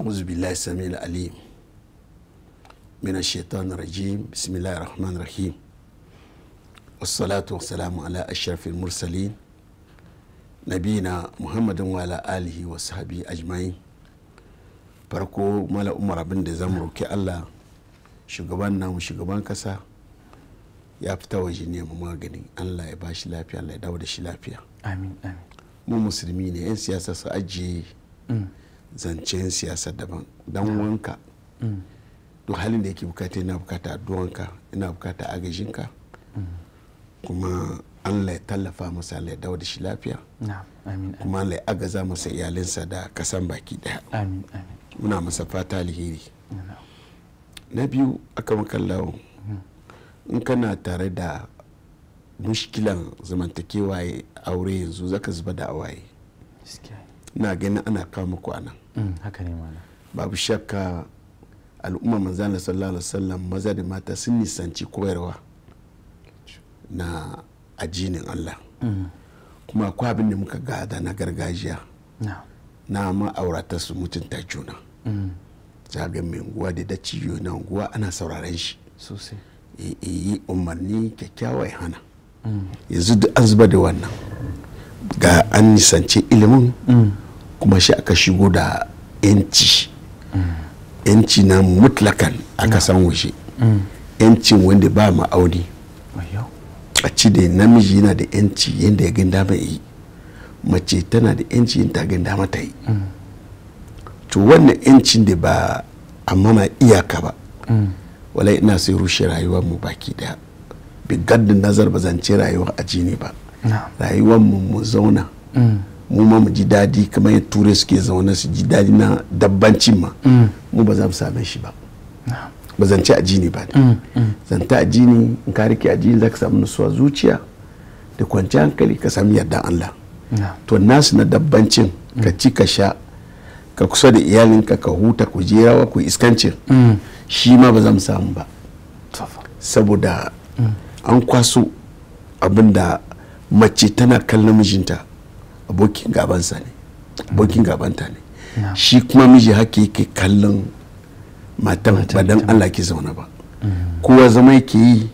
أعوذ بالله السميع العليم من الشيطان الرجيم بسم الله الرحمن الرحيم والصلاة والسلام على أشرف المرسلين نبينا محمد وعلى آله وصحبه أجمعين farko mala umar abin da zamu roki allah shugaban namu shugaban kasa ya fita waje neman maganin allah ya bashi lafiya allah ya dawo da shi lafiya mu musulmi ne 'yan siyasa su ajiye mm. zancen siyasa daban dan wanka duk halin da yake bukata yana bukata addu'anka ina bukata agajinka kuma an lai tallafa masa lai dawo da shi lafiya kuma an lai agaza masa iyalinsa da kasan baki daya muna masa fata alheri na biyu aka makallawo hmm. in kana tare da mushkilan zamantakewa aure yanzu zaka zuba da awaye na gani ana kama muku Mm, haka ne mana babu shakka al'umma manzana sallallahu alaihi wasallam maza da mata sun nisanci koyarwa na ajinin Allah mm. kuma akwai abin da muka gada na gargajiya na ma'aurata su mutunta juna mm. zagan mai unguwa da daciyo na unguwa ana sauraren shi sosai yi umarni kyakkyawa ya hana yanzu da an zuba da wannan ga an nisanci ilimin kuma shi aka shigo da yanci yanci na mutlakan aka san waje mm. yancin wanda ba ma'auni a ci da namiji yana da yanci yadda ya ganda mai yi mace tana da yanci yadda ta ganda mata yi mm. to wannan yancin da ba a mana iyaka ba mm. wala ina sai rushe rayuwar mu baki daya bi da nazar ba zan ci rayuwar ajini jini ba rayuwar mu mu zauna mu ma mu ji dadi kamar yadda turai suke zaune su ji dadi na dabbancin ma mm. mu ba za mu same shi ba ba zance ajini ba ne mm, mm. a ajini in ka rike ajini za ka samu nasuwa zuciya da kwanci hankali ka sami yarda Allah to nasu na dabbancin ka ci ka sha ka kusa da iyalinka ka huta ku je yawa ku iskancin shi ma ba za mu samu ba saboda an kwaso abinda mace tana kallon mijinta abokin gabansa ne abokin gabanta ne shi kuma miji haka yake kallon matan ba dan Allah ke zauna ba mm. kowa zama yake yi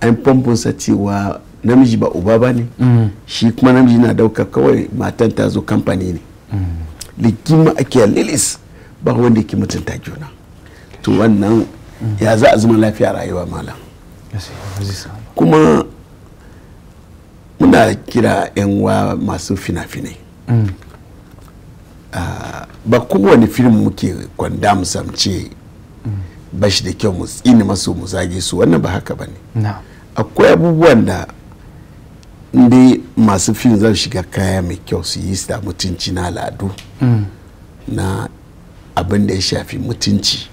an sa cewa namiji ba uba ba ne mm. shi kuma namiji na dauka kawai matan ta zo kamfani ne likima mm. ake lilis ba wanda ke mutunta juna to wannan ya za a zama lafiya rayuwa malam kuma muna kira 'yan wa masu fina-finai mm. ah, ba kowane film muke kwanda musamce mm. ba shi da kyau mu tsini masu mu zage su wannan ba haka ba ne akwai abubuwan da ndi masu fim zan shiga kaya mai kyau su yi da mutunci na al'adu mm. na abin da ya shafi mutunci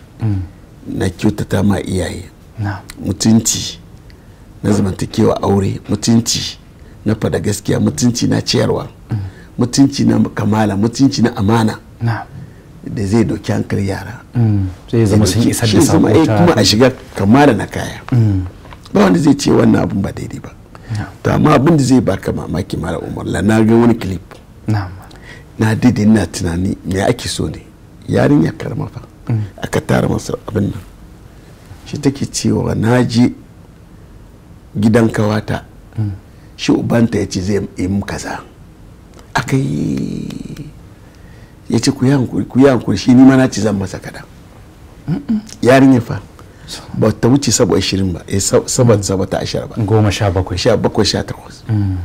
na kyautata ma iyaye mutunci na zamantakewa aure mutunci na fada gaskiya mutunci na ciyarwa mutunci na kamala mutunci na amana da zai doki hankali yara mm. zai zama sun isar da samu eh, ta kuma a shiga kamala na kaya mm. ba wanda zai ce wannan abun ba daidai ba to amma abin da zai baka mamaki mara umar la na ga wani clip na daidai na tunani me ake so ne ya karma fa mm. aka tara masa abin nan shi take cewa na je gidan kawata shi ubanta ya ce zai yi kaza aka yi ya ce ku yi hankuri shi nima na ci zan masa kada ya fa ba ta wuce saba ashirin ba ya eh, saba saba ta ashirin ba goma sha bakwai sha bakwai sha takwas mm.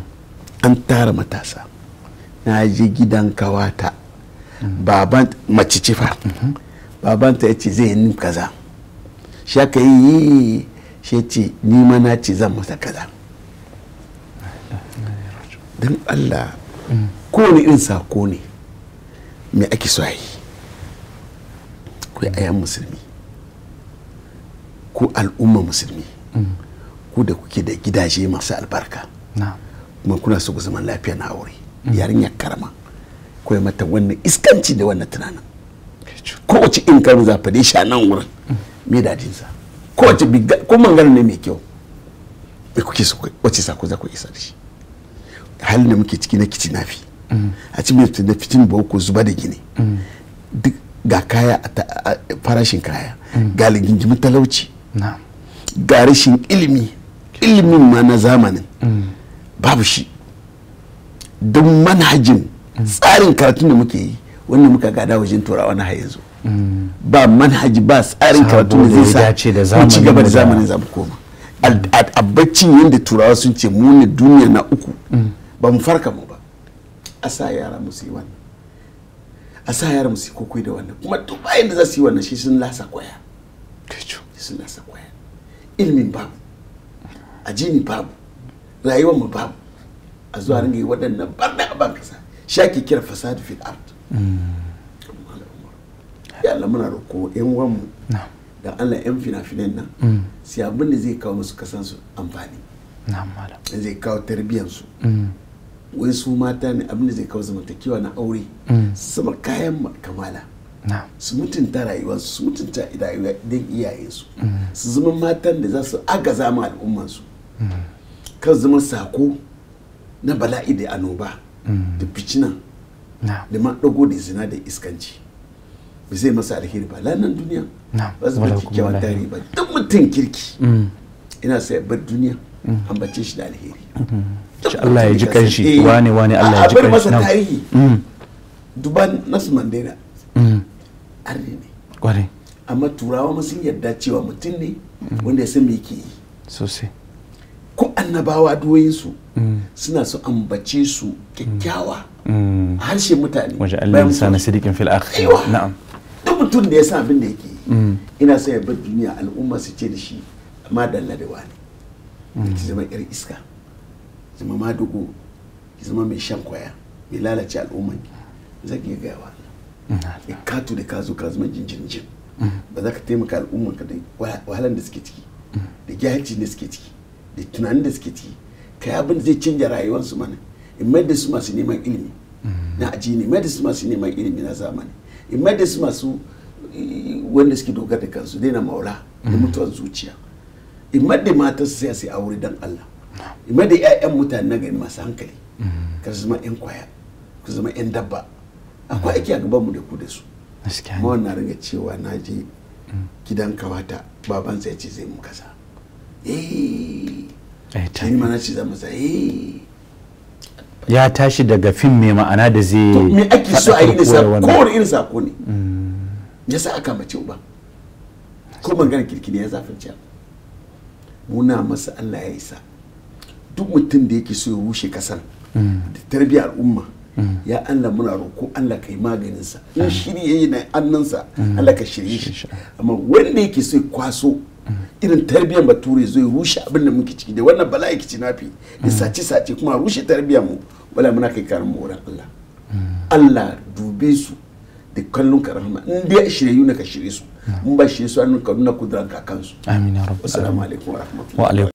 an tara matasa na ji gidan kawata mm. baban mace ce fa mm-hmm. babanta ya ce zai yi kaza shi aka yi shi ya ce nima na ci zan masa kaza don allah kowane irin sako ne me ake so yi ku ayan musulmi ku al'umma musulmi ku da kuke da gidaje masu albarka kuma kuna so ku zaman lafiya na aure yarinya karama ko ya mata wannan iskanci da wannan tunanin ko wace in karu za fa shi a nan wurin me dadinsa sa ko mangana ne mai kyau me kuke so wace sako za ku isa da shi halin da muke ciki na kici nafi mm. a cikin da fitin boko zuba da gini mm. duk ga kaya a farashin kaya mm. ga ligingimin talauci ga rashin ilimi ilimin ma na zamanin babu shi don manhajin tsarin karatun da muke yi wanda muka gada wajen turawa na yanzu ba manhaji ba tsarin karatun da zai sa mu ci gaba da zamanin zamu koma a bacci yadda turawa sun ce mu ne duniya na uku ba mu farka mu ba a sa yara su yi wannan a sa yara musu yi kokoi da wannan kuma duk bayan da za su yi wannan shi sun lasa kwaya sun lasa kwaya ilimin babu ajini babu rayuwar mu babu a zuwa mm. ringa yi waɗannan barna a ban kasa shaki kira fasadi fil art mm. ya Allah muna roko yan uwan mu da Allah yan fina-finan nan mm. sai abin da zai kawo musu kasansu amfani zai kawo tarbiyyar su wai su mata ne abin da zai kawo zamantakewa na aure mm. sama kayan kamala su mutunta rayuwar su mutunta don iyayensu mm. su zama matan da za su agaza ma al'ummansu mm. kan zama sako na bala'i da anoba. da ficina da ma dago da zina da iskanci ba zai masa alheri ba lanan duniya ba su bar kyakkyawan tarihi ba duk mutum kirki ina sai bar duniya ambace shi da alheri mm-hmm. Allah ya ji kanshi eh, wane wane Allah ya ji kanshi abin masa tarihi mm. duban nasu mandela mm. arni ne kwarai amma turawa ma sun yarda cewa mutum ne wanda ya san me yake yi sosai ko annabawa su mm. suna so ambace su kyakkyawa harshe mutane waje Allah ya sa na sidikin fil akhir na'am duk mutum da ya san abin da yake yi ina so ya bar duniya al'umma su ce da shi ma dalla da wani ki zama yar iska zama madugo ki zama mai shan kwaya mai lalace al'umman zan iya gaya wa Allah ka to da ka zo ka zama jinjin mm. ba za ka taimaka al'umman ka da wahalan da suke ciki mm. da jahilci da suke ciki da tunanin da suke ciki kai abin da zai canja rayuwarsu mana in mai da su masu neman ilimi mm. na ajiye mai da su masu neman ilimi na zamani in mai da su masu eh, wanda suke dogara da kansu daina maula da mutuwar zuciya imar da matan su sai aure dan Allah imar da ƴaƴan mutane na gari masu hankali mm. kar su zama ƴan kwaya ku zama ƴan dabba akwai aiki a gaban mu da ku da su ma wannan ringa cewa na je mm. gidan kawata baban sai ce zai mu kaza eh, eh ni ma na ce za mu sa eh. ya tashi daga fim mai ma'ana da zai to me ake so a yi da sako wani irin sako ne mm. yasa aka mace uba ko magana kirkiri ya zafin ciya muna masa Allah ya isa duk mutum da yake so ya rushe kasar da tarbiyyar al'umma ya Allah muna roko Allah kai maganin sa in shiri yayi na annansa Allah ka shirye shi amma wanda yake so ya kwaso irin tarbiyyar bature zai rushe abin da muke ciki da wannan bala'i kici nafi da mm. sace sace kuma rushe tarbiyyar mu wala muna kai karin mu wurin Allah mm. Allah dube su da kallon karama in dai shirye na ka shirye su mun ba shi su hannun kaduna kuduran kakansu amina ya rabu assalamu alaikum wa rahmatullahi